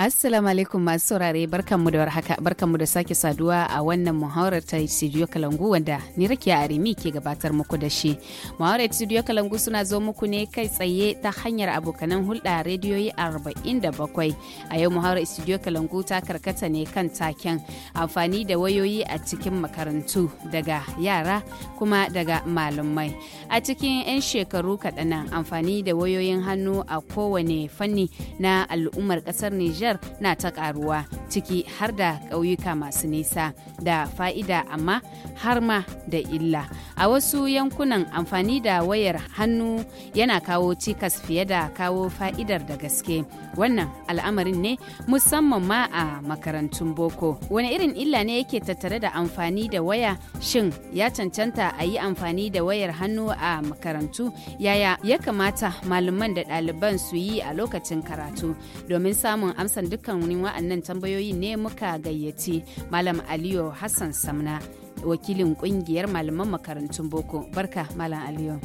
Assalamu alaikum masu saurare barkanmu da warhaka barkanmu da sake saduwa a wannan muhawarar ta Studio Kalangu wanda ni Rakiya Arimi ke gabatar muku da shi. Muhawarar Studio Kalangu suna zo muku ne kai tsaye ta hanyar abokanan hulɗa rediyoyi 47. A yau muhawarar Studio Kalangu ta karkata ne kan taken amfani da wayoyi a cikin makarantu daga yara kuma daga malamai. A cikin 'yan shekaru kaɗan amfani da wayoyin hannu a kowane fanni na al'ummar ƙasar Nijar Nijar na ta ƙaruwa ciki har da ƙauyuka masu nisa da fa'ida amma har ma da illa. A wasu yankunan amfani da wayar hannu yana kawo cikas fiye da kawo fa'idar da gaske. Wannan al'amarin ne musamman ma a makarantun boko. Wani irin illa ne yake tattare da amfani da waya shin ya cancanta a yi amfani da wayar hannu a makarantu yaya ya kamata malaman da ɗaliban su yi a lokacin karatu domin samun amsa amsan dukkan wa'annan tambayoyin ne muka gayyaci Malam Aliyu Hassan Samna. wakilin kungiyar malaman makarantun boko barka malam aliyu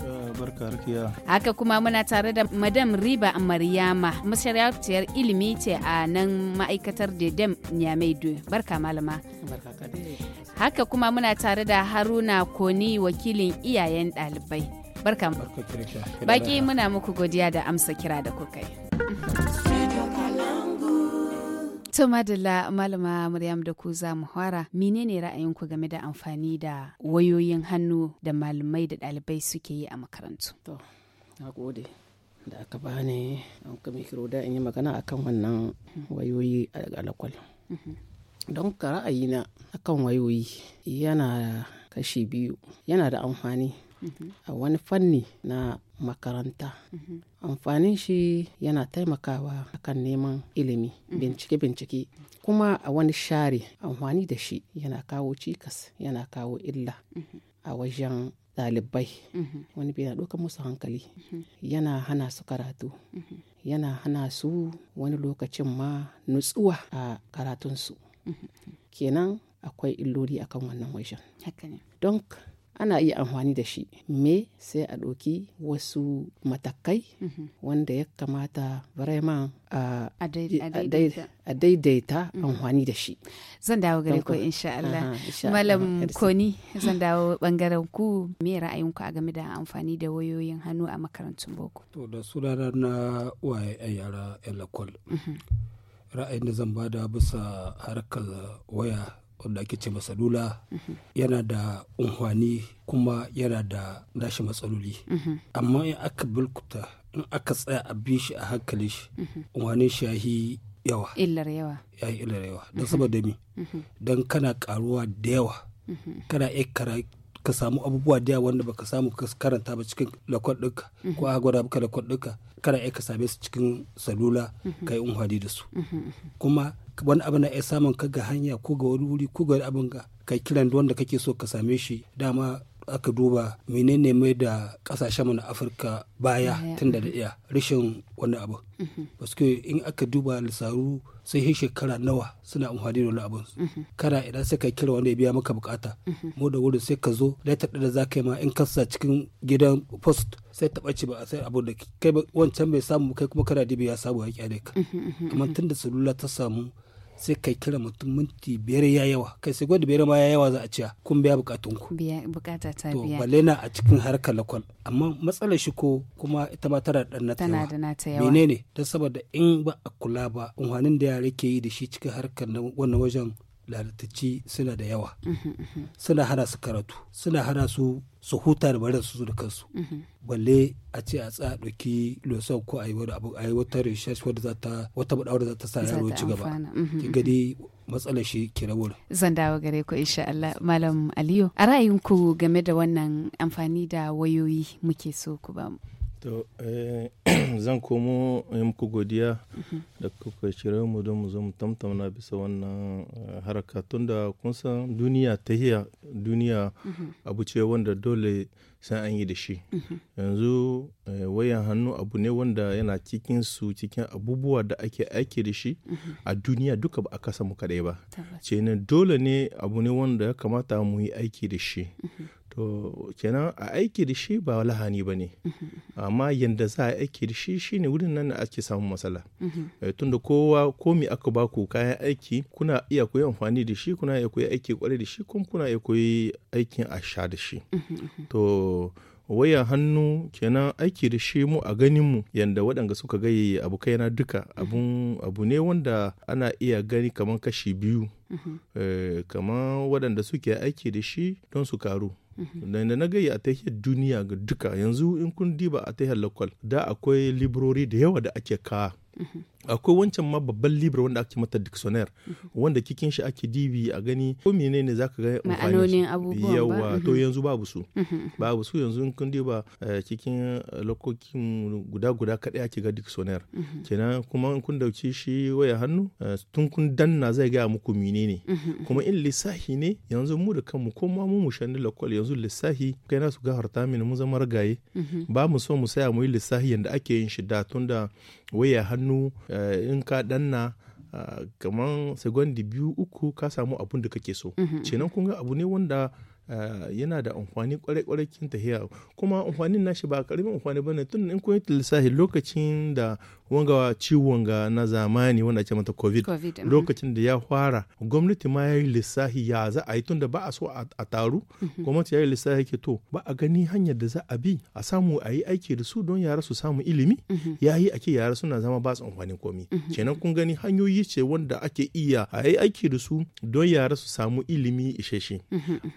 haka kuma muna tare da madam riba maryama mashariyar ilimi ce a nan ma'aikatar dedem nyamaidu barka malama haka kuma muna tare da haruna koni wakilin iyayen ɗalibai barka baki muna muku godiya da amsa kira da kukai. To madalla malama Maryam da ku za mu fara menene ra'ayinku game da amfani da wayoyin hannu da malamai da ɗalibai suke yi a makarantu? To, na gode. da aka an kuma kiro da in yi magana akan wannan wayoyi a alakwal. Mm-hmm. Don ka ra'ayina akan wayoyi yana kashi biyu yana da amfani mm-hmm. a wani fanni na makaranta mhm. amfanin shi yana taimakawa akan neman ilimi mhm. bincike-bincike kuma a wani share amfani da shi yana kawo cikas yana kawo illa mhm. a wajen ɗalibai wani bai na ɗaukar musu hankali yana hana su karatu yana hana su wani lokacin ma nutsuwa a karatunsu kenan akwai illoli akan wannan wajen don ana iya amfani da shi me sai a ɗoki wasu matakai mhm. wanda ya kamata vraiment a daidaita mhm. amfani da shi zan dawo gare ku insha Allah malam koni zan dawo bangaren ku me ra'ayinku a game da amfani da wayoyin hannu a makarantun boko to da sunana na waye yara yan lakwal. Mhm. ra'ayin da zan bada bisa harkar waya wanda ake ce lula yana da unhwani kuma yana da nashi matsaloli amma in aka bulkuta in aka tsaya a bi shi a hankali shi unhwanin shi yahi yawa illar yawa yahi yawa don mhm. saboda mi mhm. don kana karuwa da yawa mhm. kana iya kara ka samu abubuwa da yawa wanda baka samu ka karanta ba cikin lakon ɗinka ko a gwada baka lakon ɗinka kana iya ka same su cikin salula ka yi unhwani da su kuma wani abu na iya samun ka ga hanya ko ga wani wuri ko ga wani abin ga kai kiran wanda kake so ka same shi dama aka duba menene mai da kasashen na afirka baya tun da daɗiya rashin wani abu basu mm-hmm. in aka duba lissaru sai hin shekara nawa suna amfani da wani abu. Mm-hmm. kana idan sai ka kira wanda ya biya maka bukata mm-hmm. mu da wurin sai ka zo latar da za ka ma in kasa cikin gidan post sai ta ɓace ba sai abu da kai wancan bai samu kai kuma kana dibi ya samu ya kyale ka kamar tun da salula ta samu sai kai kira mutum minti biyar ya yawa kai sai gwada biyar ma ya yawa za a ciya kun biya bukatun ku biya bukata ta biya to balle na a cikin harkar lakwal amma matsalar shi ko kuma ita ma tana da nata tana da nata yawa menene don saboda in ba a kula ba unhanin da yare ke yi da shi cikin harkar wannan wajen lalatacci suna da yawa uhm, uhm. suna hana su karatu suna hana su su huta da barin su da kansu uhm. balle a ce a tsaya ɗauki losan ko a yi wani abu a yi wata research wadda za ta wata za ta sa yaro ci gaba ki gani matsala shi ki rawar zan dawo gare ku insha Allah malam Aliyu a ra'ayinku game da wannan amfani da wayoyi muke so ku ba mu To, eh, zan komo yi eh, muku godiya da kuka shirya mu don mu zo mu tamtamna bisa wannan eh, haraka tunda kun san duniya ta hiya duniya mhm. abu ce wanda dole sai an yi da shi mhm. yanzu eh, wayan hannu abu ne wanda yana cikin su cikin abubuwa da ake aiki da shi mhm. a duniya duka ba a kasa mu kadai ba ne dole ne abu ne wanda ya kamata mu yi aiki da shi mhm. to kenan a aiki da shi ba lahani ba ne amma yadda za a aiki da shi shine wurin nan da ake samun matsala eh, tunda kowa komi aka baku kayan aiki kuna iya koyi amfani da shi kuna iya koyi aiki kwarai da shi kuma kuna iya koyi aikin a sha da shi to waya hannu kenan aiki da shi mu a ganin mu yanda waɗanda suka gaye abu kaina duka abu ne wanda ana iya gani kamar kashi biyu mm-hmm. eh, kamar waɗanda suke aiki da shi don su karu da mm-hmm. na gayi a tahiyar duniya ga duka yanzu in kun diba a tahiyar lokal da akwai librori da yawa da ake ka mm-hmm. akwai wancan ma babban libra wanda ake mata dictionnaire mm-hmm. wanda kikin shi ake dibi a gani ko ne menene zaka ga ma'anonin abubuwan yawa to yanzu babu su babu su yanzu in kun diba cikin eh, eh, lokokin guda guda kadai ake ga dictionnaire kenan kuma in kun dauki shi waya hannu eh, tun kun danna zai ga muku menene kuma in lissafi ne yanzu mu da kanmu ko ma mu mu shani lokal yanzu lissahi kai na su harta mini mun zama ragaye mhm. ba mu so mu saya mu yi lissahi yanda ake yin shi da da waya hannu eh, in ka danna ah, kamar segundi biyu uku ka samu abun da kake so mhm. kenan kun ga abu ne wanda Eh, yana da amfani kwarai-kwarai kin tahiya kuma amfanin nashi ba karamin amfani bane tun in kun yi lissafi lokacin da wanga ciwon ga na zamani wanda ake mata covid mm-hmm. lokacin da ya fara gwamnati ma ya yi lissafi ya za a yi tun da ba a so a taru mm-hmm. gwamnati ya yi lissafi ke to ba a gani hanyar da za a bi a samu a yi aiki da su don yara su samu ilimi mm-hmm. ya yi ake yara suna zama ba su amfanin komi kenan kun gani hanyoyi ce wanda ake iya a yi aiki da su don yara su samu ilimi isheshe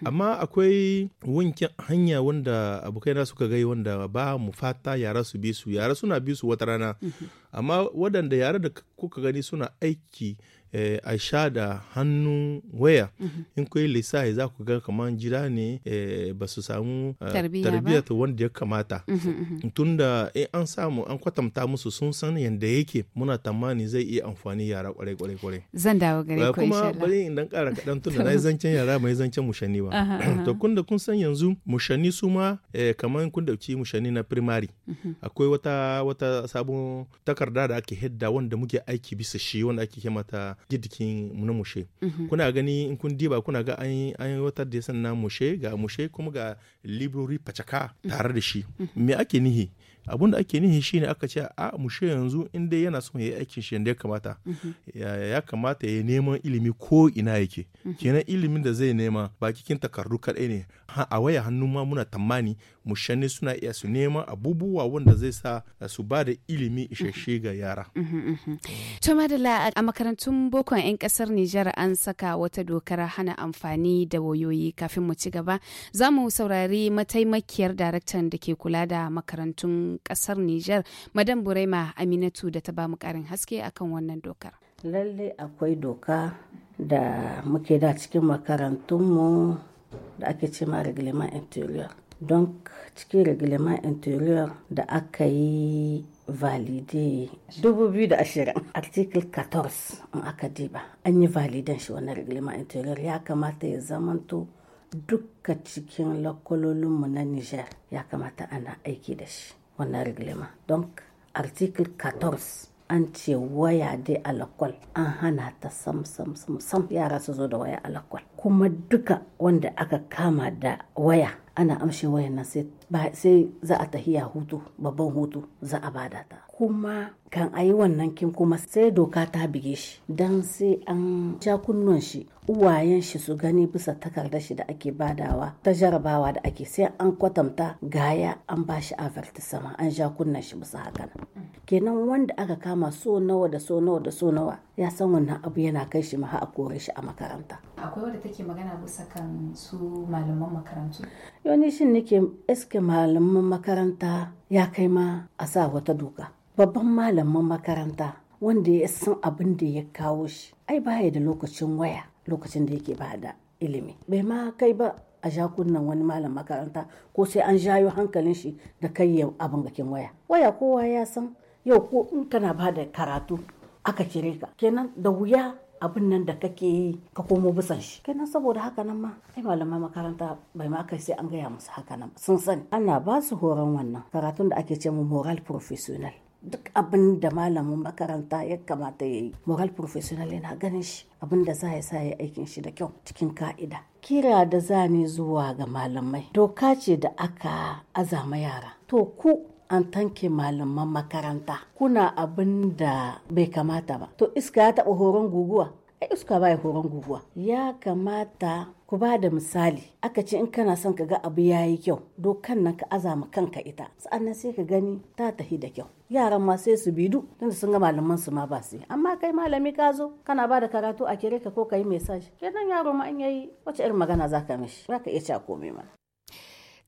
amma akwai wankin hanya wanda abokaina suka gai wanda ba mu fata yara su bi su yara suna bi su wata rana mm-hmm. amma waɗanda yara da kuka gani suna aiki eh, a sha da hannu waya mm -hmm. in kuwa lissahi za ku ga kamar jira ne eh, ba su samu uh, eh, tarbiyyar wanda ya kamata mm -hmm, mm -hmm. tunda in eh, an samu an kwatanta musu sun san yadda yake muna tamani zai iya amfani yara kwarai kwarai kwarai zan dawo gare ku kuma bari in dan kara kaɗan tunda na zancen yara mai zancen mushani ba to kun da kun san yanzu mushani su ma eh, kamar kun dauki mushani na primary mhm. akwai wata wata sabon takarda da ake hidda wanda muke aiki bisa shi wanda ake ke mata gidikin na mushe mhm. kuna gani in kun diba kuna ga an yi wata da ya na mushe ga mushe kuma ga libori pacaka mhm. tare da shi mhm. me ake nihi abun da ake nihi shine aka ce a mushe yanzu in dai yana son ya aikin shi yadda ya kamata mhm. ya kamata ya neman ilimi ko ina yake mhm. kenan ilimin da zai nema ba kikin takardu kadai ne a waya hannu ma muna tamani mushanni suna iya su neman abubuwa wanda zai sa su ba da ilimi mhm. isasshe ga yara to madalla a makarantun bokon yan kasar Nijar an saka wata dokar hana amfani da wayoyi kafin mu ci gaba za mu saurari mataimakiyar daraktan da ke kula da makarantun kasar Nijar. Madam Burema Aminatu da ta bamu karin haske akan wannan dokar. Lalle akwai doka da muke da cikin makarantun mu da ake ce ma reglement interior. Don cikin reglement interior da aka yi valide 2020 article 14 in aka diba an yi validan shi wannan reglement interior ya kamata ya zamanto dukka cikin lakololinmu na Nijar ya kamata ana aiki da shi. wannan reglema donc article 14 an ce waya dai alakwal an hana ta sam sam sam sam yara su zo da waya alakwal kuma duka wanda aka kama da waya ana amshe wayan nan sai za a tahiya hutu babban hutu za a bada ta kuma kan a yi wannan kin kuma sai doka ta bige shi don sai an sha kunnuwan shi uwayen shi su gani bisa takardar shi da ake badawa ta jarabawa da ake sai an kwatanta gaya an ba shi sama an ja kunnan shi bisa hakan kenan wanda aka kama so nawa da so nawa da so nawa ya san wannan abu yana kai shi maha a kore shi a makaranta akwai wanda take magana bisa kan su malaman makarantu yau shi shin nake eske malaman makaranta ya kai ma a sa wata doka babban malamin makaranta wanda ya san abin da ya kawo shi ai baya da lokacin waya lokacin da yake ba da ilimi bai ma kai ba a kunnan wani malam makaranta ko sai an jayo hankalin shi da kai ya abin gakin waya waya kowa ya san yau ko in kana ba da karatu aka kire ka kenan da wuya abin nan da kake yi ka komo bisan shi kenan saboda haka nan ma ai malamai makaranta bai ma kai sai an gaya musu haka nan sun sani ana ba su horon wannan karatun da ake ce mu moral professional duk abin da malamin makaranta ya kamata ya yi moral professional yana ganin shi abin da za ya sa ya aikin shi da kyau cikin ka'ida kira da zane zuwa ga malamai doka ce da aka azama yara to ku an tanke malaman makaranta kuna abin da bai kamata ba to iska ya taɓa horon guguwa ai iska ba ya horon guguwa ya kamata ku ba da misali aka ce in kana son ka ga abu ya yi kyau dokan nan ka azama kanka ita sa'annan sai ka gani ta tahi da kyau yaran ma sai su bidu tunda sun ga malaman su ma ba su amma kai malami ka zo kana ba da karatu a kere ka ko ka yi mai sashi kenan yaro ma an yayi wace irin magana za ka mishi za ka iya cakomi komai ma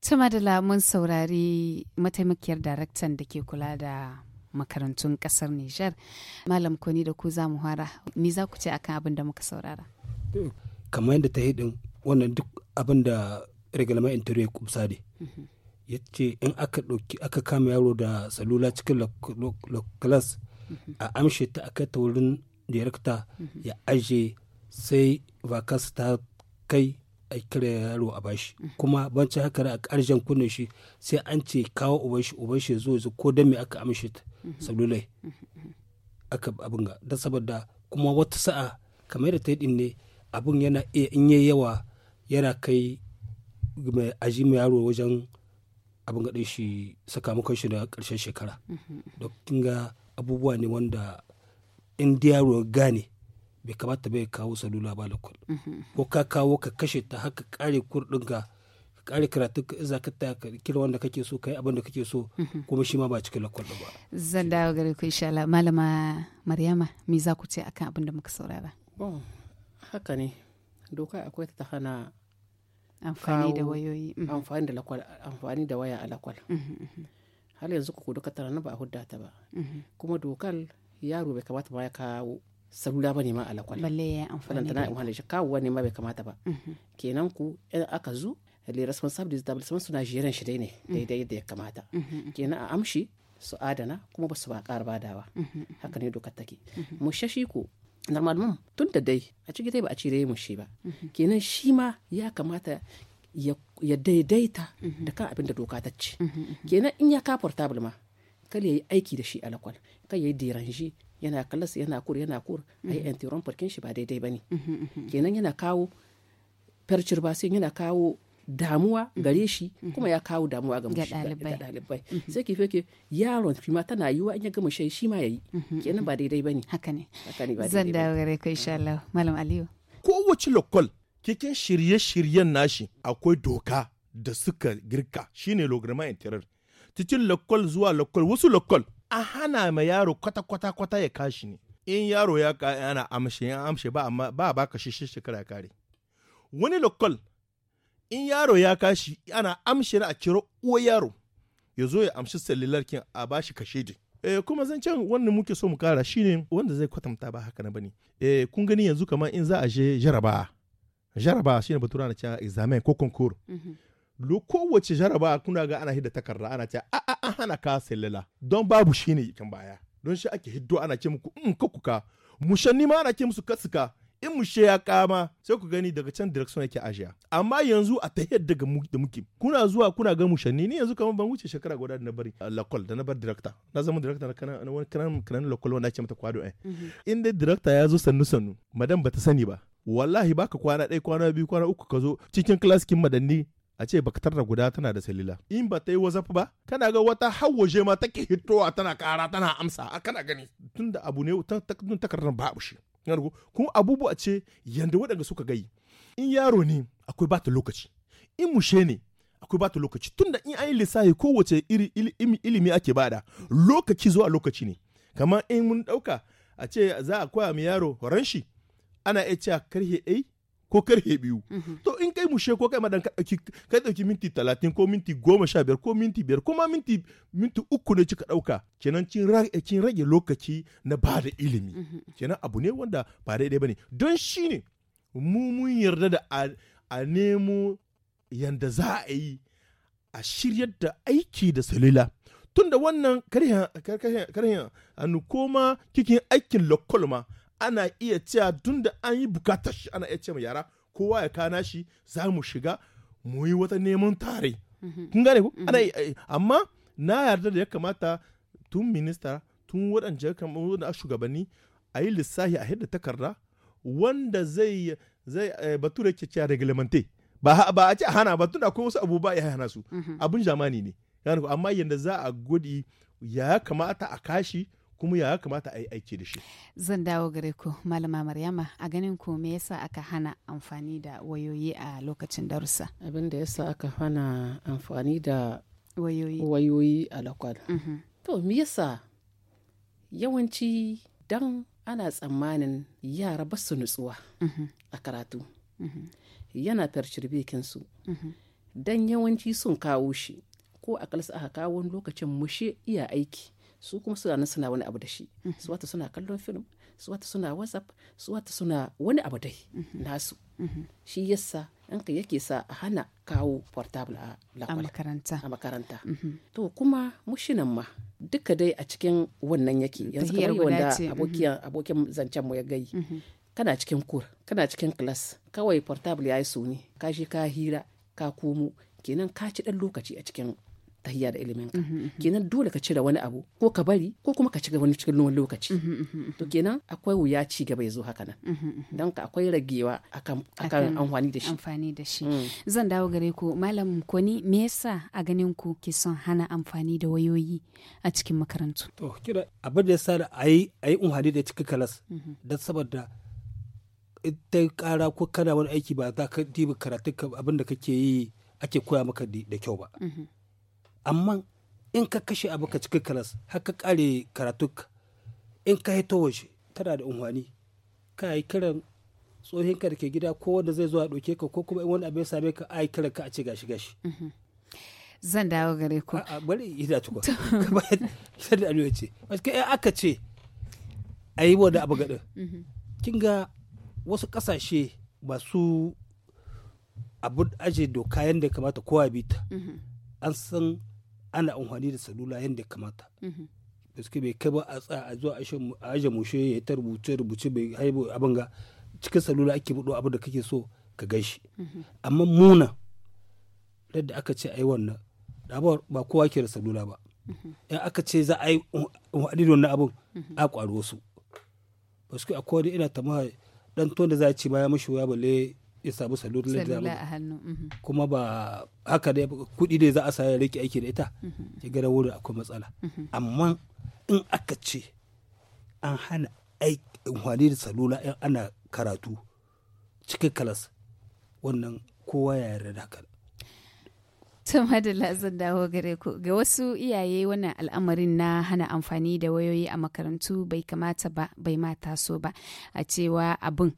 ta madala mun saurari mataimakiyar daraktan da ke kula da makarantun kasar Nijar. Malam Koni da ku za mu hara, me za ku ce akan abin da muka saurara? Kamar yadda ta yi din wannan duk abin da regalama interior kumsa ne. Mhm. Ya ce in aka ɗauki aka kama yaro da salula cikin class mhm. a amshe ta aka ta wurin director mhm. ya aje sai vakas ta kai a kira yaro a bashi kuma banci haka a karshen kunne shi sai an ce kawo uban shi uban shi zo ko dan me aka amshi sabulai aka abin ga da saboda kuma wata sa'a kamar da ta yi ne abin yana iya in yayi yawa yana kai mai aji mai yaro wajen abin gaɗin shi sakamakon shi da karshen shekara da kinga abubuwa ne wanda in yaro gane bai kamata bai kawo salula ba lakul mhm. ko ka kawo ka kashe ta haka kare kur ɗinka kare karatu iza ka ta kira wanda kake so kai abin da kake so mhm. kuma shi ma ba cikin lakul ba zan dawo gare ku insha Allah malama Maryama me za ku ce akan abin da muka saurara bon haka ne doka akwai ta hana amfani da wayoyi mhm. amfani da amfani da waya a lakwal har yanzu ku duka tara na ba a hudda ta ba kuma dokar yaro bai kamata ma ya kawo salula ba ne ma alakwal balle ya amfani da wani shi kawo wani ma bai kamata ba mhm. kenan ku in aka zu le responsable establishment suna jiran shi dai ne mhm. daidai da ya kamata mhm, kenan a amshi su adana kuma ba su ba ƙara badawa haka ne dokar take mu shashi ko normal mum tun da dai a ciki dai ba a ci dai mu shi ba kenan shi ma ya kamata ya daidaita da kan abin da doka ta ce kenan in ya ka portable ma kar ya yi aiki da shi alakwal kar ya yi deranji yana kallasa yana kur yana kur ai mhm. antiron farkin shi ba daidai bane mhm, mhm. kenan yana kawo farcir ba sai yana kawo damuwa gare shi kuma ya kawo damuwa ga dalibai sai ke fake yaron shi ma tana yiwa in ya gama shi shi ma yayi kenan ba daidai bane haka ne zan dawo gare ku insha Allah malam Aliyu kowace lokal cikin shirye-shiryen nashi akwai doka da suka girka shine lograma interior cikin lokal zuwa lokal wasu lokal a hana ma yaro kwata-kwata-kwata ya kashi ne in yaro ya ana amshe ya amshe ba amma ba baka shishi shekara ya kare wani lokal in yaro ya kashi ana amshe a kira uwa yaro ya zo ya amshi sallilarkin a bashi kashe din eh kuma zancen wanda muke so mu kara shine wanda zai kwatanta ba haka na bane eh kun gani yanzu kamar in za a je jaraba jaraba shine batura na cewa examen ko concours mhm. lo kowace jaraba kuna ga ana hidda takarda ana ce a a an hana ka sallala don babu shi ne ikin baya don shi ake hiddo ana ce muku in mm, ka kuka mushanni ma ana ce musu katsuka in mushe ya kama sai ku gani daga can direction yake ajiya amma yanzu a ta yadda da muke kuna zuwa kuna ga mushanni ni yanzu kamar ban wuce shekara guda da na bari uh, lakol da na bar director na zama director na kana wani kanan kanan lakol wanda ake mata kwado eh mm-hmm. in dai director ya zo sannu sannu madam bata sani ba wallahi baka kwana ɗaya kwana biyu kwana uku ka zo cikin kilasikin madanni a ce baktar guda tana da salila in ba ta yi wazaf ba kana ga wata hawaje ma take hitowa tana kara tana amsa a kana gani tunda abu ne tun takardar babu shi kuma abubuwa ce yanda waɗanda suka gayi in yaro ne akwai bata lokaci in mushe ne akwai bata lokaci tunda in an yi lissafi kowace iri ilimi ake bada lokaci zuwa lokaci ne kamar in mun ɗauka a ce za a koya ma yaro ranshi ana iya cewa karhe ɗai ko karfe biyu mhm. to in kai mushe ko kai ma ka kai ka dauki minti talatin ko minti goma sha biyar ko minti biyar ko ma minti minti uku ne kika dauka kenan kin rage lokaci na ba da ilimi mhm. kenan abu ne wanda ba daidai bane don shine mu mun yarda da a nemo yanda za a yi a shiryar da aiki da salila tunda wannan karyan hannu ko ma kikin aikin lokol ana iya cewa tun da an yi bukatar shi ana iya cewa yara kowa ya kana shi za mu shiga mu yi wata neman tare mhm. kun gane ku mhm. eh, amma na yarda da ya kamata tun minista tun waɗanda shugabanni a yi lissahi a hidda takarda wanda zai zai eh, bature ke cewa reglemente ba a ce hana ba da akwai wasu abubuwa ya hana su mhm. abun jamani ne amma yadda za a gudi ya kamata a kashi kuma ya kamata a yi aiki da shi zan dawo gare ku malama maryama a ganin ku me yasa aka hana amfani da wayoyi a lokacin darussa abin da yasa aka hana amfani da wayoyi a lakwal mm-hmm. to me yasa yawanci dan ana tsammanin yara ba su nutsuwa mm-hmm. a karatu mm -hmm. yana su mm-hmm. dan yawanci sun kawo shi ko a aka kawo lokacin mushe iya aiki su kuma suna nan suna wani abu da shi mhm. su wata suna kallon film su wata suna whatsapp su wata suna wani abu dai mhm. nasu mhm. shi yasa an ka yake sa a hana kawo portable a makaranta a makaranta to kuma mushinan ma duka dai a cikin wannan yake yanzu kamar wanda abokin zancen mu ya gai kana cikin kur kana cikin class kawai portable yayi suni ka je ka hira ka komo kenan ka ci dan lokaci a cikin tahiya da ilimin ka mhm, mhm. kenan dole ka cire wani abu ko ka bari ko kuma ka cire wani cikin wani lokaci mhm, to kenan akwai wuya ci gaba ya zo haka nan don ka akwai ragewa akan amfani da shi amfani da shi mm. zan dawo gare ku malam ni me yasa a ganin ku ke son hana amfani da wayoyi a cikin makarantu to kira abin da yasa a yi amfani da cikin kalas don saboda ta kara ko kana wani aiki ba za ka dibi karatun abin da kake yi ake koya maka da kyau ba amma in ka kashe abu ka cika kalas har ka kare karatuka in ka yi waje tana da unhwani ka yi kiran tsohin ka da ke gida ko wanda zai zo a ɗauke ka ko kuma in wani abu ya same ka a yi kiran ka a ce gashi gashi mm-hmm. zan dawo gare ku a bari yi da tukwa kamar da aliyu ce kai aka ce a yi wani abu gaɗin mm-hmm. kin ga wasu ƙasashe masu abun aje doka yadda kamata kowa bi ta mm-hmm. an san ana amfani da salula yadda kamata da mhm. suke bai kai ba a tsaya a zuwa a aje mushe ya ta rubuce rubuce bai haibu abin ga cikin salula ake buɗo abin da kake so ka shi mhm. amma muna da aka ce ai wannan ba kowa ke da salula ba mhm. in aka ce za a yi wani wannan abin a kwaro su ba su akwai ina tamaha dan ton da za a ci baya mashi wuya balle ya samu salula a hannu mhm. kuma ba haka da kuɗi dai za a sa ya rike aiki da ita mhm. ya gara wuri akwai matsala mhm. amma in aka ce an hana amfani da salula in ana karatu cikin kalas wannan kowa ya yarda da haka tun da zan dawo gare ku ga wasu iyaye wannan al'amarin na hana amfani da wayoyi a makarantu bai kamata ba bai mata so ba a cewa abin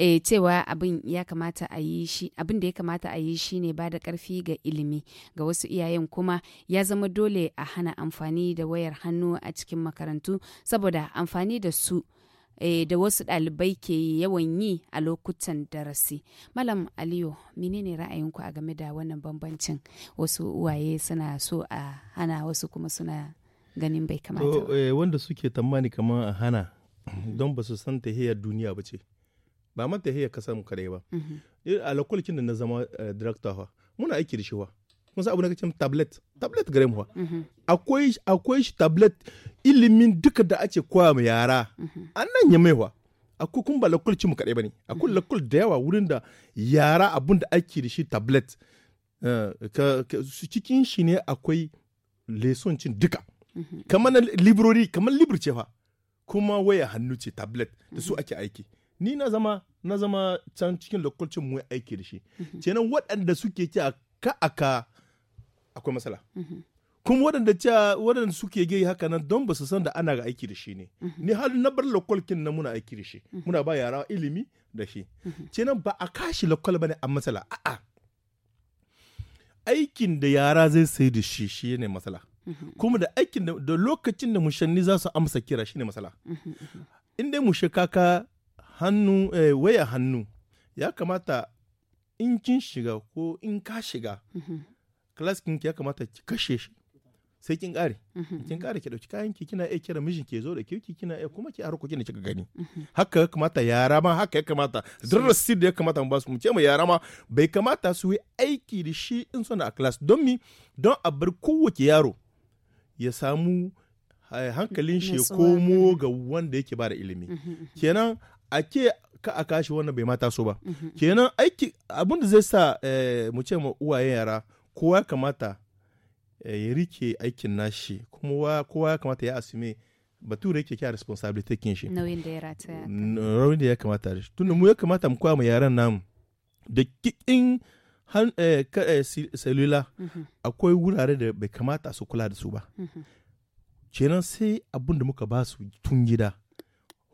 eh, cewa abin ya kamata a yi shi abin da ya kamata a yi shi ne ba da karfi ga ilimi ga wasu iyayen kuma ya zama dole a hana amfani da wayar hannu a cikin makarantu saboda amfani da su eh, da wasu ɗalibai ke yawan yi a lokutan darasi malam aliyu menene ra'ayinku a game da wannan bambancin wasu uwaye suna so a hana wasu kuma suna ganin bai kamata eh, wanda suke tamani kamar a hana don ba su san tahiyar duniya ba ce ba ma ta hiyar kasar mu kadai ba mhm. a lakwalkin da na zama eh, director fa muna aiki da shi wa kun sa abu na kacin tablet tablet gare mu mhm. akwai akwai shi tablet ilimin duka da ake koya ma yara mhm. an nan ya wa akwai kun ba kin mu ba ne akwai lakwal da yawa wurin da yara abun da ake da shi tablet eh, cikin shi ne akwai lesoncin duka kamar librori kamar libir ce fa kuma waya hannu ce tablet da su ake aiki ni na zama na zama can cikin lokacin mu aiki da shi mhm. kenan waɗanda suke ci ka aka akwai matsala mhm. kuma waɗanda ci waɗanda suke gai haka nan don ba su san da ana ga aiki da shi ne mhm. ni har na bar lokolkin na muna aiki da shi muna ba yara ilimi da shi kenan ba a kashi lokal bane a matsala a aikin da yara zai sai da shi shi ne matsala kuma da aikin da lokacin da mushanni za su amsa kira shi ne matsala in dai mushe kaka hannu eh, waya hannu ya kamata in kin shiga ko in ka shiga mm-hmm. class kinki ya kamata ki kashe shi sai kin kare mm-hmm. kin kare ki dauki kayan ki kina iya kira mijin ke zo da kirki kina iya kuma ki harko kina kika gani mm-hmm. haka ya kamata yara ma haka ya kamata darasi da ya kamata mu ba su mu ce mu yara ma bai kamata su yi aiki da shi in suna a class don mi don a bar kowace yaro ya samu eh, hankalin shi ya komo ga wanda yake ba da ilimi kenan a ke ka a kashi wannan bai mata so ba mhm. kenan aiki abinda zai sa eh, mu ce ma uwaye yara kowa kamata eh, ya rike aikin nashi kuma kowa ya kamata ya asume bature yake kya responsibility kin shi nauyin da ya rataya nauyin da ya kamata shi tunda mu ya kamata mu koya mu yaran nan da kikin han eh, cellular mhm. akwai wurare da bai kamata su kula da su ba mhm. kenan sai abin da muka ba su tun gida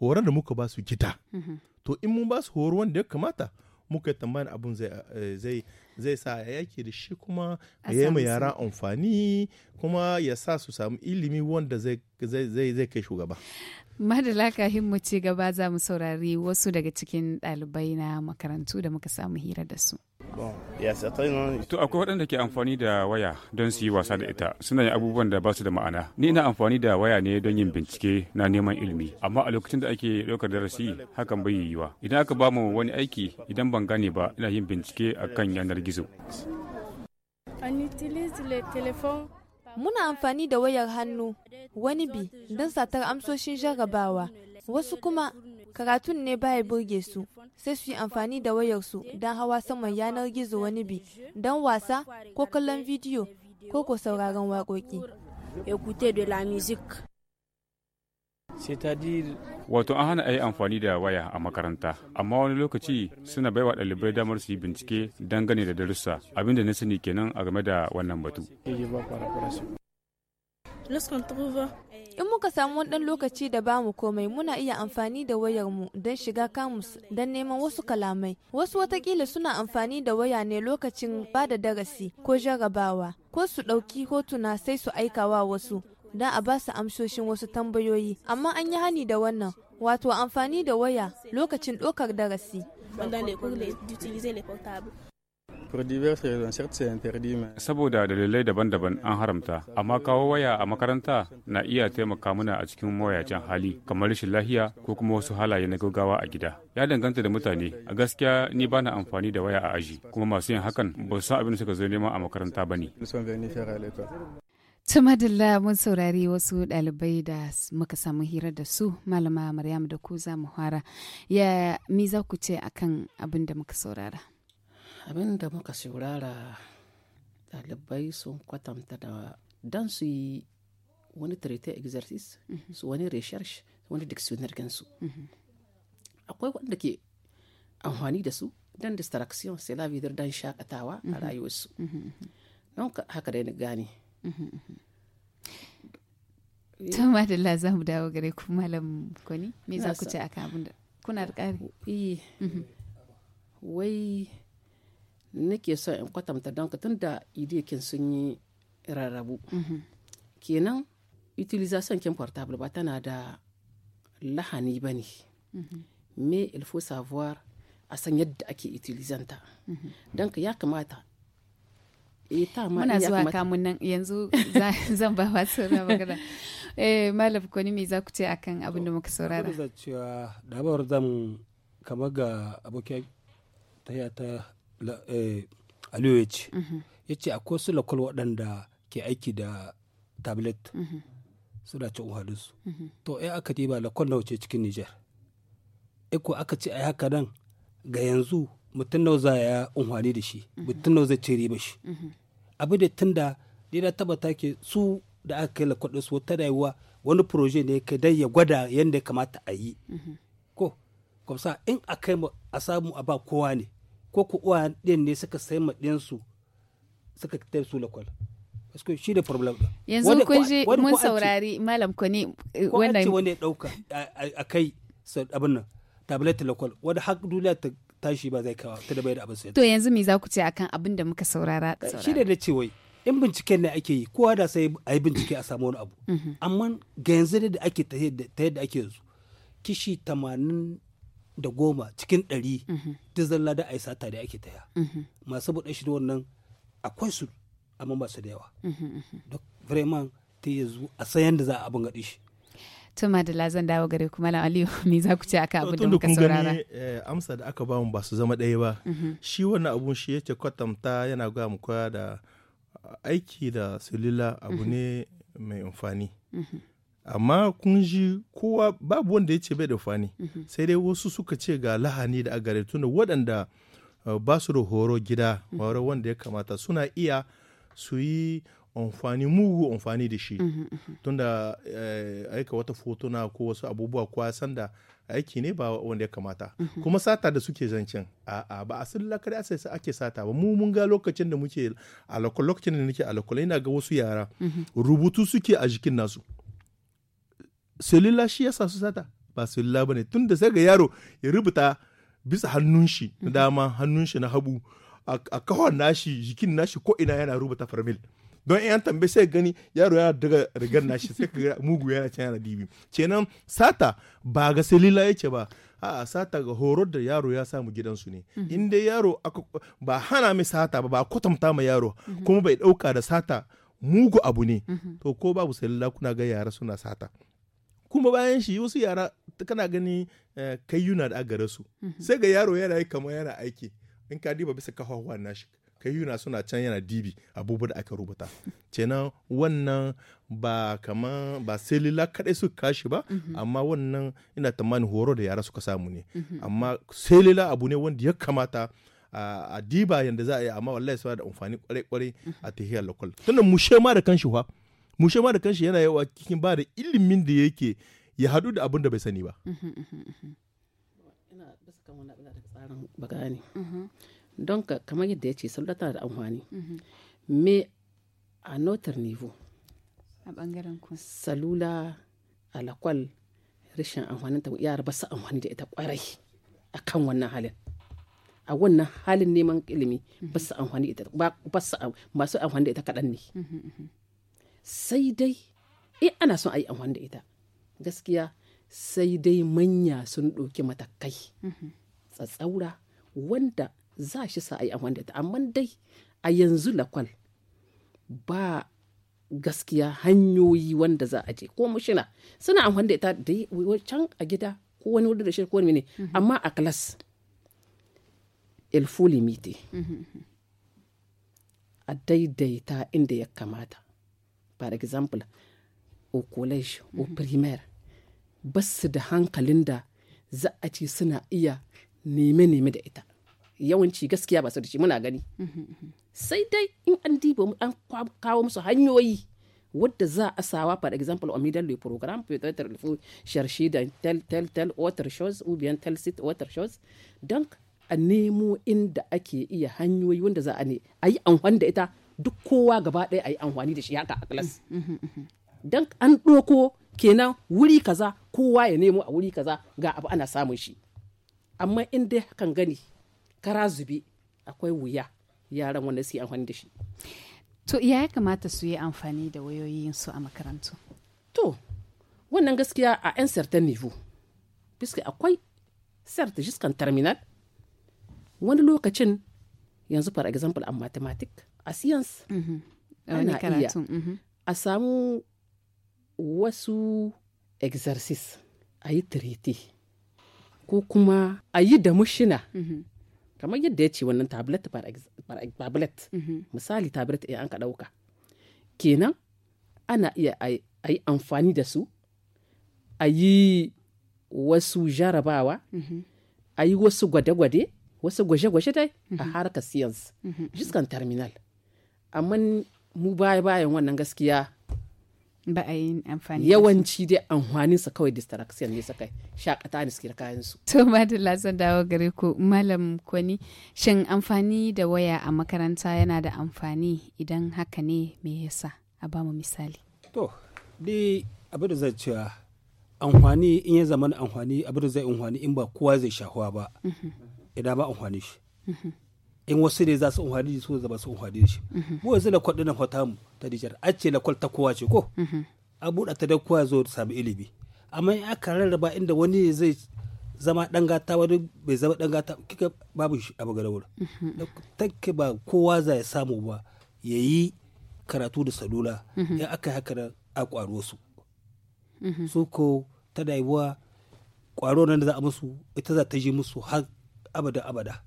horar da muka ba su gida mhm. to in mun ba su horo wanda ya kamata muka yi tambayan abun eh, zai sa ya yake da shi kuma ya yi yara amfani kuma ya sa su samu ilimi wanda zai kai shugaba madala kahin mu ci gaba za mu saurari wasu daga cikin ɗalibai na makarantu da muka samu hira da su To akwai waɗanda ke amfani da waya don su yi wasa da ita suna yin abubuwan da ba su da ma'ana. Ni ina amfani da waya ne don yin bincike na neman ilimi amma a lokacin da ake ɗaukar darasi hakan bai yi wa Idan aka ba mu wani aiki idan ban gane ba ina yin bincike a kan yanar gizo. Muna amfani da wayar hannu wani bi don satar amsoshin jarrabawa wasu kuma karatun ne baya burge su sai su yi amfani da wayarsu don hawa saman yanar gizo wani bi don wasa ko kallon bidiyo ko ko sauraron waƙoƙi. Wato an hana a yi amfani da waya a makaranta, amma wani lokaci suna baiwa ɗalibai damar su yi bincike dangane da darussa abinda na sani kenan a game da wannan batu. In muka samu wani lokaci da bamu komai muna iya amfani da wayarmu don shiga kamus don neman wasu kalamai. Wasu watakila suna amfani da waya ne lokacin ba da darasi ko jarrabawa ko su ɗauki hotuna sai su aikawa wasu don a ba su amsoshin wasu tambayoyi. Amma an yi hani da wannan wato amfani da waya lokacin ɗaukar darasi. Saboda dalilai daban-daban an haramta, amma kawo waya a makaranta na iya taimaka mana a cikin mawayacin hali kamar rashin lahiya ko kuma wasu halaye na gaggawa a gida. Ya danganta da mutane, a gaskiya ni bana amfani da waya a aji, kuma masu yin hakan ba su san abin suka zo nema a makaranta ba ne. Tumadilla mun saurari wasu ɗalibai da muka samu hira da su malama Maryam da ku za mu hara. Ya mi za ku ce akan abin da muka saurara? abin da muka saurara dalibai sun kwatanta da don su yi wani trite exercise mhm. su wani research wani dictionnaire gansu mhm. akwai wanda ke amfani da su don distraction sai la vidar don shakatawa a mhm. rayuwarsu don haka dai na gane eh. to madalla za mu dawo gare ku malam kwani me za ku ce akan abin da kuna da ƙari eh. wai nake so in kwatanta don ka tunda idiyakin sun yi rarrabu mhm. kenan utilization kin portable ba tana da lahani ba ne mhm. me il faut savoir a san yadda ake utilizanta mhm. don ka ya kamata eh, muna zuwa kamun nan yanzu zan ba wasu magana eh malam ko me za ku ce akan abin da muka saurara da cewa damar zan kama ga abokin ta ta Eh, aliyu ya ce mhm. ya ce akwai su lokal waɗanda ke aiki da tablet mhm. suna cin uhalinsu mhm. to ai eh, aka diba lokal nawa wuce cikin niger eko eh, aka ce yi haka nan ga yanzu mutum nawa za ya unhwani da shi mutum nawa zai ce riba shi abu da tun da ni na tabbata ke su da aka kai lakwal su wata rayuwa wani proje ne ka dai ya gwada yadda ya kamata a yi ko kwamsa in a kai a samu a ba kowa ne ko ku uwa ɗin ne suka sai ma suka tayar su lakwal paske shi da problem yanzu kun ji mun saurari malam eh, ko ne wannan wanda ya ɗauka a kai abin nan tablet lakwal wanda har duniya ta tashi ba zai kawo ta da bai da abin sai to yanzu me za ku ce akan abin da muka saurara shi da da ce wai in binciken ne ake yi kowa da sai a yi bincike a samu wani abu mhm. amma ga yanzu da ake ta yadda ake yanzu kishi tamanin da goma cikin ɗari mhm. duk zalla da a yi sata da ake taya mhm. masu buɗe shi wannan akwai su amma masu da yawa mhm, duk vraiment ta yanzu a sayan da za a abin gaɗi shi tuma da lazan dawo gare kuma la aliyu me za ku ce aka abu da muka saurara eh, amsa da aka bamu ba su zama ɗaya ba shi wannan abun shi yake kwatanta yana ga mu da aiki da silila abu ne mai amfani amma kun ji kowa babu wanda ya ce bai da fani mhm. sai dai wasu suka ce ga lahani da agare tunda waɗanda uh, ba su da horo gida mhm. horo wanda ya kamata suna iya su yi amfani mugu amfani da shi mhm, tunda eh, aika wata fotuna ko wasu abubuwa ko sanda aiki ne ba wanda ya kamata kuma sata da suke zancen a ba a sun lakari asai ake sata ba mu mun ga lokacin da muke a lokacin da nake a ina ga wasu yara rubutu suke a jikin nasu selila shi yasa su sata ba ba bane tun da sai ga yaro ya rubuta bisa hannun shi na dama hannun shi na habu a kawon nashi jikin nashi ko ina yana rubuta farmil don yan tambaye sai gani yaro yana daga rigar nashi sai ka mugu yana can yana dibi kenan sata ba ga selula yake ba a sata ga horo da yaro ya samu gidansu ne mhm. in dai yaro ba hana mai sata ba ba kwatanta ma yaro mhm. kuma bai dauka da sata mugu abu ne mhm. to ko babu salila kuna ga yara suna sata kuma bayan shi wasu yara kana gani eh, kai yuna da agare su mhm. sai ga yaro yana yi kamar yana aiki in ka diba bisa kafafuwan nashi kai yuna suna can yana dibi abubuwa da aka rubuta kenan wannan ba kamar ba selila kadai su kashi ba mhm. amma wannan ina tamani horo da yara suka samu ne mhm. amma selila abu ne wanda ya kamata a diba yadda za a yi amma wallahi suna da amfani kwarai-kwarai a tahiyar lokal tunan mushe ma da kanshi fa mushe ma da kanshi yana yawa cikin ba da ilimin da yake ya hadu da abin da bai sani ba don ka kamar yadda ya ce salula tana da amfani me a notar nivo a bangaren ku salula alakwal rashin amfanin ta yara ba su amfani da ita kwarai a kan wannan halin a wannan halin neman ilimi ba su amfani da ita ba da ita kaɗan ne sai dai eh ana son a yi amfani da ita gaskiya sai dai manya sun ɗauki matakai mhm. tsatsaura wanda za shi sa a yi amfani da ita amma dai a yanzu lakwal ba gaskiya hanyoyi wanda za a je ko mushina suna amfani da ita dai can a gida ko wani wurin da shi ko wani ne mhm. amma a class il faut a daidaita inda ya kamata par exemple au college mm au primaire ba su da hankalin da za a ce suna iya neme-neme da ita yawanci gaskiya ba su da shi muna gani sai dai in an diba an kawo musu hanyoyi wadda za a sawa par exemple a middle of program peut-être il faut chercher dans tel tel tel autre chose ou bien tel site autre chose donc a nemo inda ake iya hanyoyi wanda za a ne a yi amfani da ita duk kowa gaba ɗaya a yi amfani da shi haka a klas. Mm, mm, mm, dan an ɗoko kenan wuri kaza kowa ya nemo a wuri kaza ga abu ana samun shi amma in dai hakan gani kara zube akwai wuya yaran wanda su yi amfani da shi to iya ya kamata su yi amfani da wayoyinsu a makarantu to wannan gaskiya a 'yan certain niveau biska akwai certain jiskan terminal wani lokacin yanzu for example a mathematics a science mm -hmm. ana iya mm-hmm. a samu wasu exercises a yi tiriti ko kuma a yi da mushina mm-hmm. kamar yadda ya ce wannan tablet tablet mm-hmm. misali tablet ya an ka ɗauka kenan ana iya a yi amfani da su a yi wasu jarabawa a yi wasu gwade-gwade wasu gwaje-gwaje dai a harkar science jiskan terminal amma mu baya bayan wannan gaskiya ba a yi amfani yawanci dai amfanin sa kawai distraction ne sakai shakata ne suke kayan su to madalla san dawo gare ku malam kwani shin amfani da waya a makaranta yana da amfani idan haka ne me yasa a ba mu misali to dai abu da zai cewa amfani in ya zama amfani abu da zai amfani in ba kowa zai shahuwa ba mhm. idan ba amfani shi mhm. in wasu ne za su umarni su da su umarni shi mhm. mu yanzu na kwaɗi na fata mu ta Nijar a ce ta kowa ce ko mhm. a buɗa ta da kowa zo sami ilimi amma in aka rarraba inda wani zai zama ɗan gata wani bai zama ɗan gata kika babu shi abu gara ta ke ba kowa za ya samu ba ya yi karatu da salula mhm. in aka yi haka a ƙwaro su su ko ta daibuwa ƙwaro nan da za a musu ita za ta ji musu har abada abada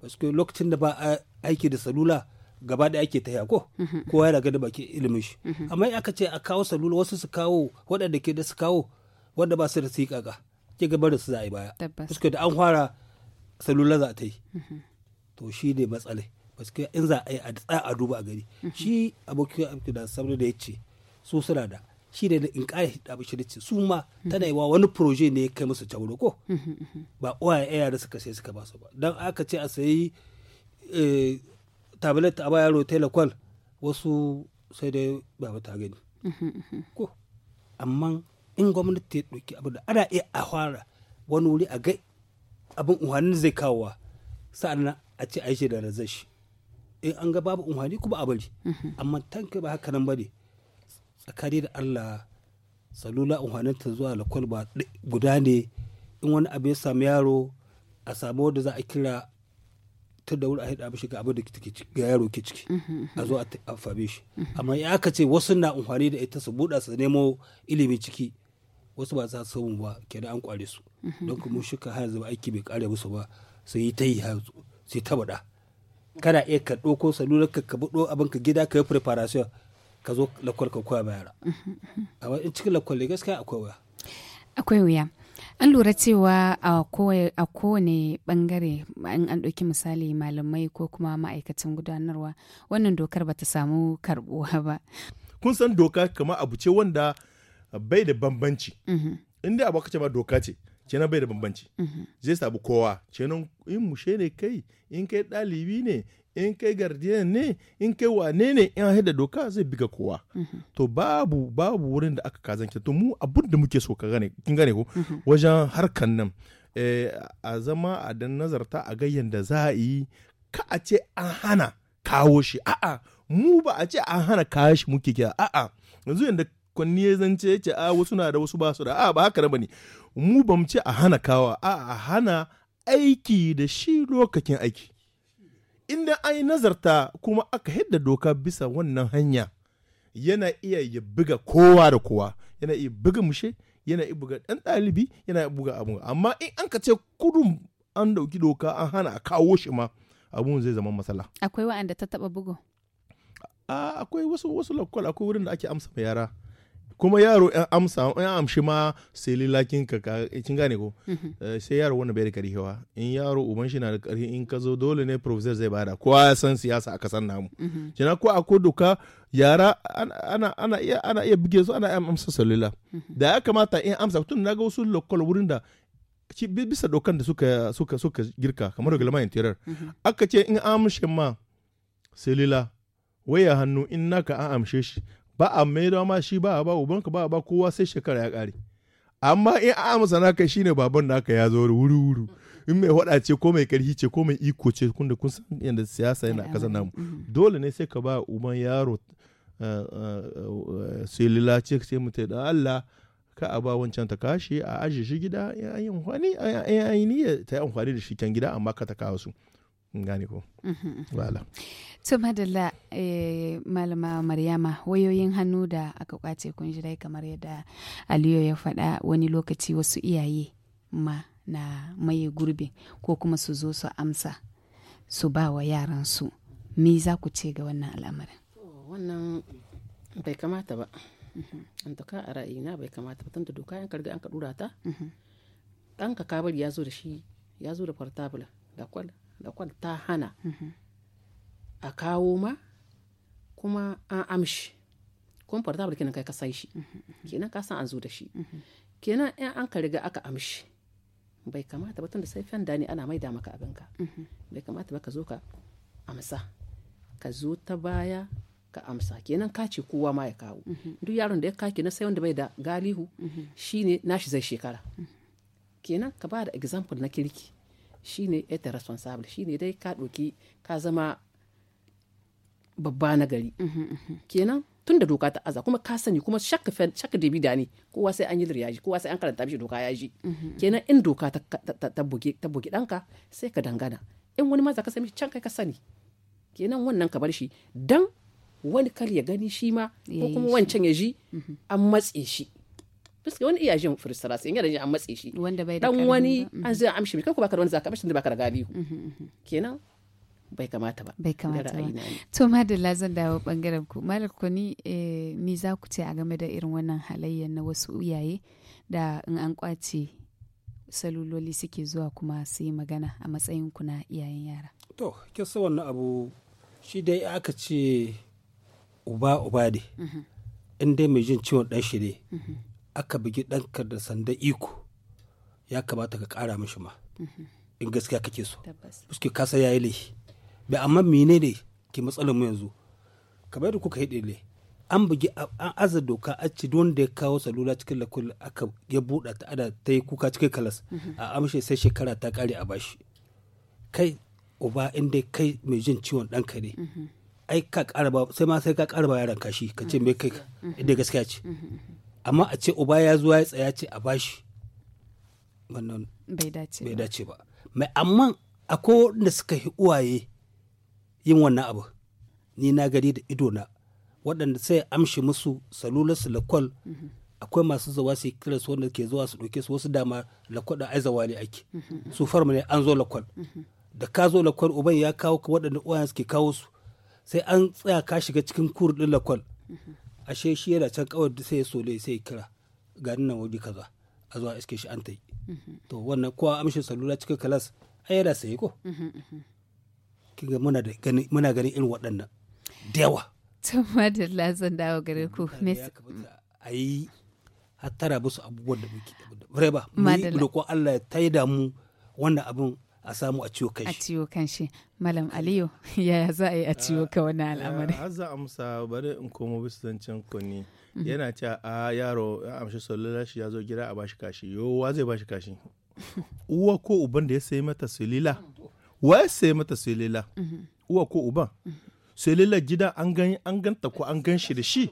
Paske lokacin da ba a aiki da salula gaba da ake ta ko mhm. kowa ya raga da baki ilimin shi. Mhm. Amma in aka ce a kawo salula wasu su kawo waɗanda ke da su kawo wanda ba su da su yi kaka. Ke gaba da su za a yi baya. Paske da an fara salula za ta yi. Mhm. To shi ne matsalai. Paske in za a yi a duba a gari. Shi abokin da sabu da ya ce su suna da shi ne in kare shi shirici su ma tana yi wa wani proje ne ya kai musu cauro ko ba oya ya da suka sai suka basu ba don aka ce a sayi eh, tablet a ba yaro wasu sai dai ba ta gani ko amma in gwamnati ya ɗauki abu da ana iya a fara wani wuri a ga abin umarnin zai kawowa sa'an a ce a yi shi da razashi in an ga babu umarni kuma a bari amma tanka ba haka nan ba ne tsakani da allah salula ta zuwa lakwal ba guda ne in wani abu ya sami yaro a samu wanda za a kira ta da wuri a haɗa mishi ga abin da ga yaro ke ciki a zo a fame shi amma ya aka ce wasu na amfani da ita su buɗa su nemo ilimi ciki wasu ba za su samu ba ke an kware su don kuma shi ka har zama aiki bai kare musu ba su yi ta yi su yi ta bada kana iya ka ɗauko salular ka ka buɗo abin ka gida ka yi preparation ka zo lakwal ka koya bayara yara amma in cikin lakwal ne gaskiya akwai wuya akwai wuya an lura cewa a kowane bangare in an ɗauki misali malamai ko kuma ma'aikacin gudanarwa wannan dokar ba ta samu karɓuwa ba kun san doka kama abu ce wanda bai da bambanci mm-hmm. inda abu aka ce ma doka ce kenan bai da bambanci mm-hmm. zai sabu kowa kenan in mushe ne kai in kai ɗalibi ne in kai gardiyan ne in kai wane ne in da doka zai biga kowa mhm. to babu babu wurin da aka kazance to mu abun da muke so ka gane kin gane ko mhm. wajen harkan nan eh, a zama a dan nazarta a ga da za a yi ka a ce an hana kawo shi a'a mu ba a ce an hana kawo shi muke kira a'a yanzu yanda kwanni ya zance ce a ah, wasu na da wasu ba su da a ba haka bane mu ba mu ce a hana kawo a a hana aiki da shi lokacin aiki inda an yi nazarta kuma aka hidda doka bisa wannan hanya yana iya ya buga kowa da kowa yana iya buga mushe yana iya buga ɗan ɗalibi yana iya buga abu amma in an ka ce kudun an ɗauki doka an hana a kawo shi ma abun zai zama matsala akwai wa'anda ta taɓa bugu akwai wasu wasu lakwal akwai wurin da ake amsa ma yara kuma yaro yan amsa yan amshi ma sai lilakin ka eh, kin gane ko mhm. eh, sai yaro wanda bai da karhiwa in yaro uban shi na da karhi in ka zo dole ne professor zai bada kowa ya san siyasa aka san namu mhm. kina ko a ko doka yara ana ana iya ana iya buge su ana amsa salila mhm. da ya kamata in amsa tun na ga wasu lokal wurin da bisa dokan da suka suka suka girka kamar reglement interior aka ce in amshin ma salila waya hannu in naka an amshe shi ba a mai ma shi ba a ba ubanka ba a ba kowa sai shekara ya kare amma in a amsa naka shine baban naka ya zo wuri wuri in mai hada ce ko mai karhi ce ko mai iko ce kun da kun san yadda siyasa yana kasa namu mm-hmm. dole ne sai ka ba uban yaro selila eh, ce eh, eh, sai mutai da Allah ka a ba wancan ta kashi a ajiye shi gida ya yi amfani ta yi amfani da shi can gida amma ka ta kawo su gane ko mhm. wala to madalla eh, malama maryama wayoyin hannu da aka kwace kun shi kamar yadda aliyo ya faɗa wani lokaci wasu iyaye ma na maye gurbi ko kuma su zo su amsa su ba wa yaran su me za ku ce ga wannan al'amarin wannan bai kamata ba mhm. an taka a ra'ayina bai kamata ba tunda doka yan karga an ka dura ta ɗanka kabar ya zo da shi ya zo da portable da kwal da kwal ta hana mm-hmm. a kawo ma kuma an amshi kuma portable kenan kai ka sai shi mm-hmm, mm-hmm. kenan ka san an zo da shi kenan in an ka riga aka amshi bai kamata ba tun da sai fenda ne ana mai maida maka abinka bai kamata ba ka zo ka amsa ka zo ta baya ka amsa kenan ka ce kowa ma ya kawo duk yaron da ya kake na sai wanda bai da galihu shine nashi zai shekara kenan ka ba da example na kirki shine ita responsable shine dai ka ɗauki ka zama babba na gari kenan tun da doka ta aza kuma ka sani kuma shak shakka da ne kowa sai an yi ya ji kowa sai an karanta mishi doka ya ji kenan in doka ta buge danka sai ka dangana in wani ma za ka sami can kai ka sani kenan wannan ka bar shi dan wani kar ya gani shi ma ko kuma wancan ya ji an matse shi paske wani iya jin frustration yana jin an matse shi wanda bai da dan wani an zai amshi kai ko baka da wani zaka bashi da baka da biyu mhm, mhm. kenan bai kamata ba bai kamata ba to madalla zan dawo bangaren ku malak ku ni ni eh, za ku ce a game da irin wannan halayyar na wasu iyaye da in an kwace saluloli suke zuwa kuma su yi magana a matsayin ku na iyayen yara to kisa wannan abu shi dai aka ce uba uba ne mhm. in dai mai jin ciwon dan shi ne aka bugi ɗanka da sanda iko ya kamata ka ƙara mishi ma mhm. in gaskiya kake so suke kasa ya yi laifi amma mene ne ke matsalar mu yanzu kamar da kuka yi ne an bugi an aza doka a ci wanda ya kawo salula cikin lakul aka ya buɗa ta ada ta yi kuka cikin kalas mhm. a amshe sai shekara ta ƙare a bashi kai uba inda kai mai jin ciwon ɗanka ne mhm. ai ka ƙara ba sai ma sai ka ƙara ba yaran kashi ka ce me kai inda gaskiya ce amma a ce uba ya zuwa ya tsaya ce a bashi wannan bai dace ba mai amma akwai waɗanda suka yi uwaye yin wannan abu ni na gari da ido na waɗanda sai amshi musu salularsu lakwal mhm. akwai masu zuwa su kira su wanda ke zuwa su ɗauke su wasu dama lakwal da aiki ne ake mhm. su farma ne an zo lakwal mhm. da ka zo lakwal uban ya kawo ka waɗanda uwayen suke kawo su sai an tsaya ka shiga cikin kurɗin lakwal ashe shi yana can kawar da sai sole sai kira gani nan wabi kaza a zuwa iske shi an ta yi to wannan kowa amshin salula cikin kalas a yana sai ko kinga muna da gani muna ganin irin waɗannan da yawa to da lazan dawo gare ku a yi hattara musu abubuwan da muke da bare ba mu yi Allah ya taida mu wannan abin a samu a ciwo kanshi. A ciwo kanshi. Malam Aliyu, yaya za a yi a ciwo ka wani eh, al'amari? Ya eh, za amsa bari in komo bisu zancen ku mhm. Yana cewa a yaro ya amshi salula shi ya zo gida a bashi kashi. wa zai bashi kashi. Uwa ko uban da ya sayi mata salila. Wa ya sayi mata salila? Mhm. Uwa ko uban? Mhm. selilar gida an gan an ganta ko an gan shi da shi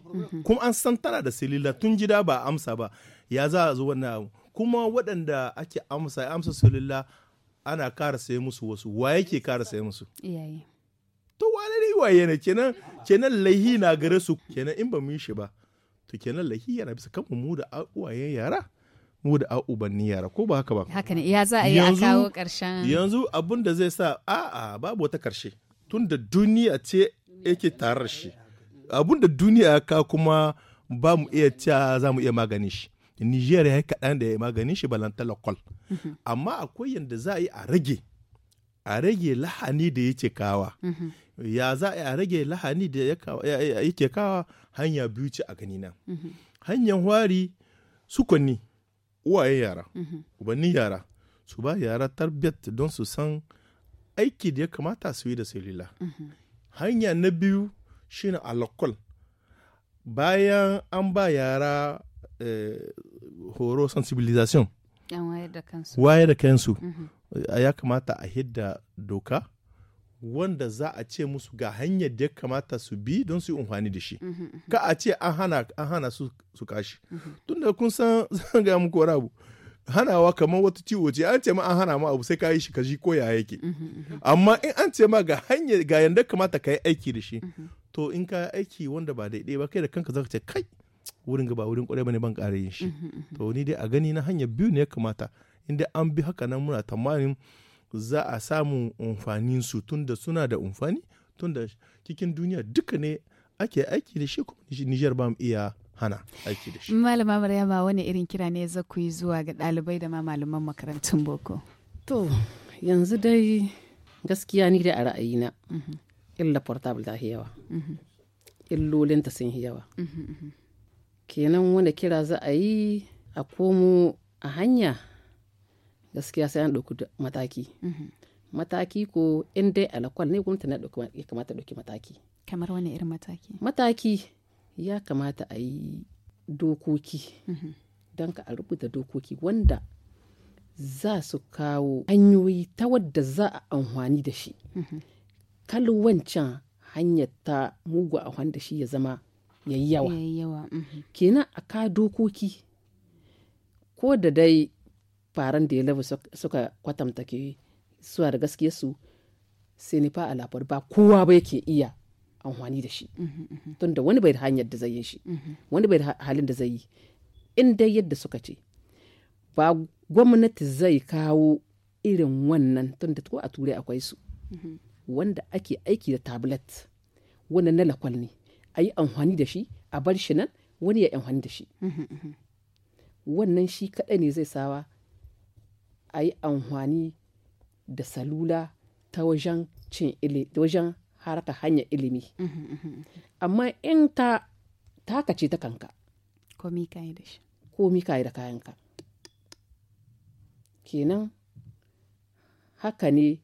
kuma an san tana da selila tun gida ba amsa ba ya za a zo wannan abu kuma waɗanda ake amsa ya amsa selila ana kara sai musu wasu wa yake kara sai musu iyaye to wane ne waye ne kenan kenan lahi na gare su kenan in ba mu yi shi ba to kenan lahi yana bisa kanmu mu da uwaye yara mu da ubanni yara ko ba haka ba haka ne ya za a yi a kawo karshen yanzu abun da zai sa a babu wata karshe tun da duniya ce yake tarar shi abun da duniya ka kuma ba mu iya cewa za mu iya magani shi niger ya kaɗan da ya maganin shi balanta lakol mhm. amma akwai yadda za a yi a rage a rage lahani da yake kawa mhm. ya za a rage lahani da yake kawa hanya biyu ce a ganina mhm. hanyar wari sukwanni uwaye yara ubanni yara su ba yara tarbiyyar don su san aiki da ya kamata su yi da salila hanya na biyu shine alakol bayan an ba yara Eh, horo sensibilisation waye da kansu mhm. ya kamata a hidda doka wanda za a ce musu ga hanyar da ya kamata su bi don su yi umfani da shi mhm, mhm. ka a ce an hana su kashi tun kun san zan ga muku wani hanawa kamar wata ciwo ce an ce ma an hana ma abu sai ka yi shi ka ji ko ya yake amma in an ce ma ga hanyar ga yanda kamata ka yi aiki da shi to in ka aiki wanda ba daidai ba kai da kanka zaka ce kai wurin gaba wurin kwarai bane ban ƙara yin shi uhm, uhm, uhm. to ni dai a gani na hanya biyu ne ya kamata inda an bi haka nan muna tamanin za a samu amfanin su tunda suna da amfani tunda cikin duniya duka ne ake aiki da shi kuma Nijar ba mu iya hana aiki da shi. Malama Maryama wani irin kira ne za ku yi zuwa ga ɗalibai da ma malaman makarantun boko? To yanzu dai gaskiya ni da a ra'ayina illa portable ta yawa. Illolinta sun yawa. kenan wanda kira za a yi a komo a hanya gaskiya sai an ɗauki mataki mhm. mataki ko in dai alakwal ne gwamnati na ya kamata ɗauki mataki kamar wani irin mataki mataki ya kamata a yi dokoki mhm. don ka a rubuta dokoki wanda za su kawo hanyoyi ta wadda za a amfani da shi mhm. kalwancan wancan hanyar ta mugu a da shi ya zama yayi yawa yawa mhm. kenan a ka dokoki ko da dai faran da ya labu suka kwatamta ke suwa da gaskiya su sai ni fa alafar ba kowa ba yake iya amfani da shi mhm, mhm. tun da wani bai da hanyar da zai yi shi wani bai da halin da zai yi in dai yadda suka ce ba gwamnati zai kawo irin wannan tun da ko a turai akwai su wanda ake aiki da tablet wanda na lakwal ne a yi amfani da shi a bar shi nan wani ya amfani da shi wannan shi kaɗai ne zai sawa a yi amfani da salula ta wajen cin wajen haraka hanya ilimi amma in ta taka ce ta kanka komi ka komi ka yi da kayanka kenan haka ne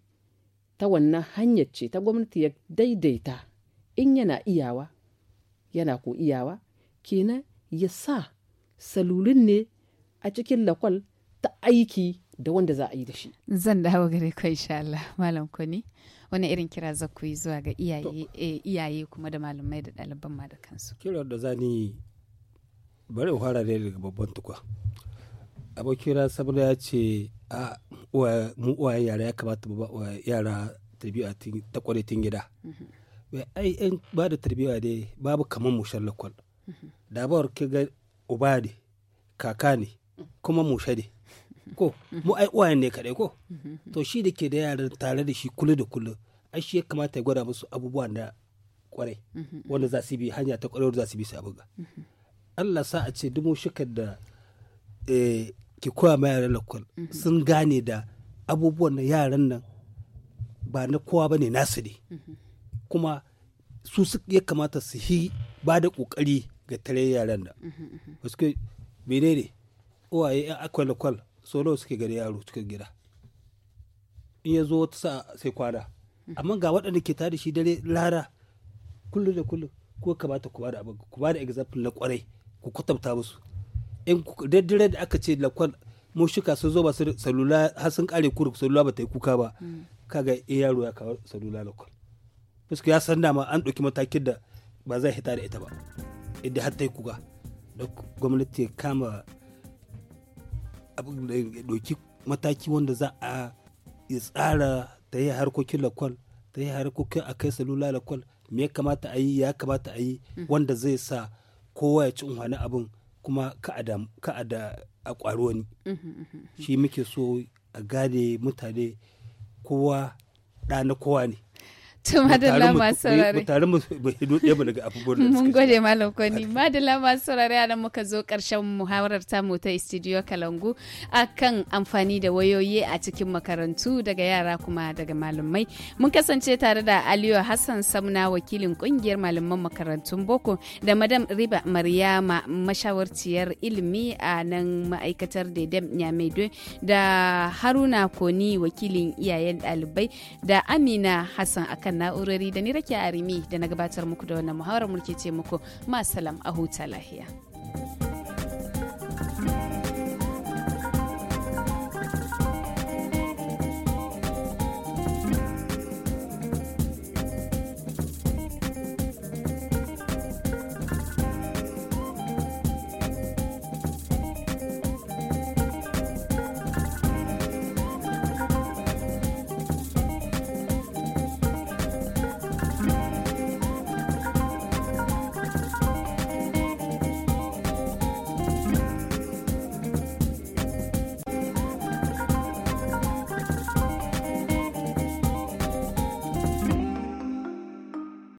ta wannan hanyar ce ta gwamnati ya daidaita in yana iyawa yana ko iyawa kenan ya sa salulun ne a cikin lakwal ta aiki da wanda za a yi da shi. Zan dawo gare ku insha Allah malam Kwani wani irin kira za ku yi zuwa ga iyaye eh, kuma da malamai da ɗaliban ma da kansu. kira da zani bari fara ne daga babban tukwa. Abokina saboda ya ce a mu uwayen yara ya kamata mu ba yara tabi'a ta kwarai tun gida. Mhm. ai yan ba da tarbiyya dai babu kamar mushar lakwal bawar ki ga uba ne kaka ne kuma mushe ne ko mu ai uwayen ne kaɗai ko to shi da ke da yaran tare da shi kullu da kullu ai shi ya kamata ya gwada musu abubuwan da kwarai wanda za su bi hanya ta kwarai za su bi su ga Allah sa a ce dumu shikar da eh, ki koya ma yaran lakwal sun gane da abubuwan da yaran nan ba na kowa ba ne nasu ne kuma su ya kamata su yi ba da ƙoƙari ga tare yaran da mm-hmm, suke menene uwaye yan akwalakwal solo suke gari yaro cikin gida in ya zo wata sa sai kwana mm-hmm. amma ga waɗanda ke tare shi dare lara kullum da kullum ko kamata ku bada abin ku bada example na kwarai ku kwatanta musu in daddare da aka ce lakwal mu shuka sun zo ba salula har sun kare kuruk salula ba ta yi kuka ba mm. kaga eh, yaro ya kawo salula lakwal fiska ya san dama an ɗauki matakin da ba zai hita da ita ba idan har ta yi kuga da gwamnati ya kama ɗauki mataki wanda za a ya tsara ta yi harkokin lakwal ta yi harkokin a kai salula lakwal me ya kamata a yi ya kamata a yi mm. wanda zai sa kowa ya ci unhwani abin kuma ka a da a ƙwaro wani mm-hmm, mm-hmm, mm-hmm. shi muke so a gane mutane kowa ɗa na kowa ne to madalla masu saurare tare mu mu daga abubuwan da mun gode malam kwani madalla masu saurare a nan muka zo ƙarshen muhawarar tamu ta studio kalangu akan amfani da wayoyi a cikin makarantu daga yara kuma daga malamai mun kasance tare da aliyu hassan samna wakilin ƙungiyar malaman makarantun boko da madam riba maryama mashawarciyar ilimi a nan ma'aikatar dedem nyamaido da haruna koni wakilin iyayen ɗalibai da amina hassan akan akan na'urori da ni rake arimi da na gabatar muku da wannan muhawarar mulke ce muku masalam a huta lahiya.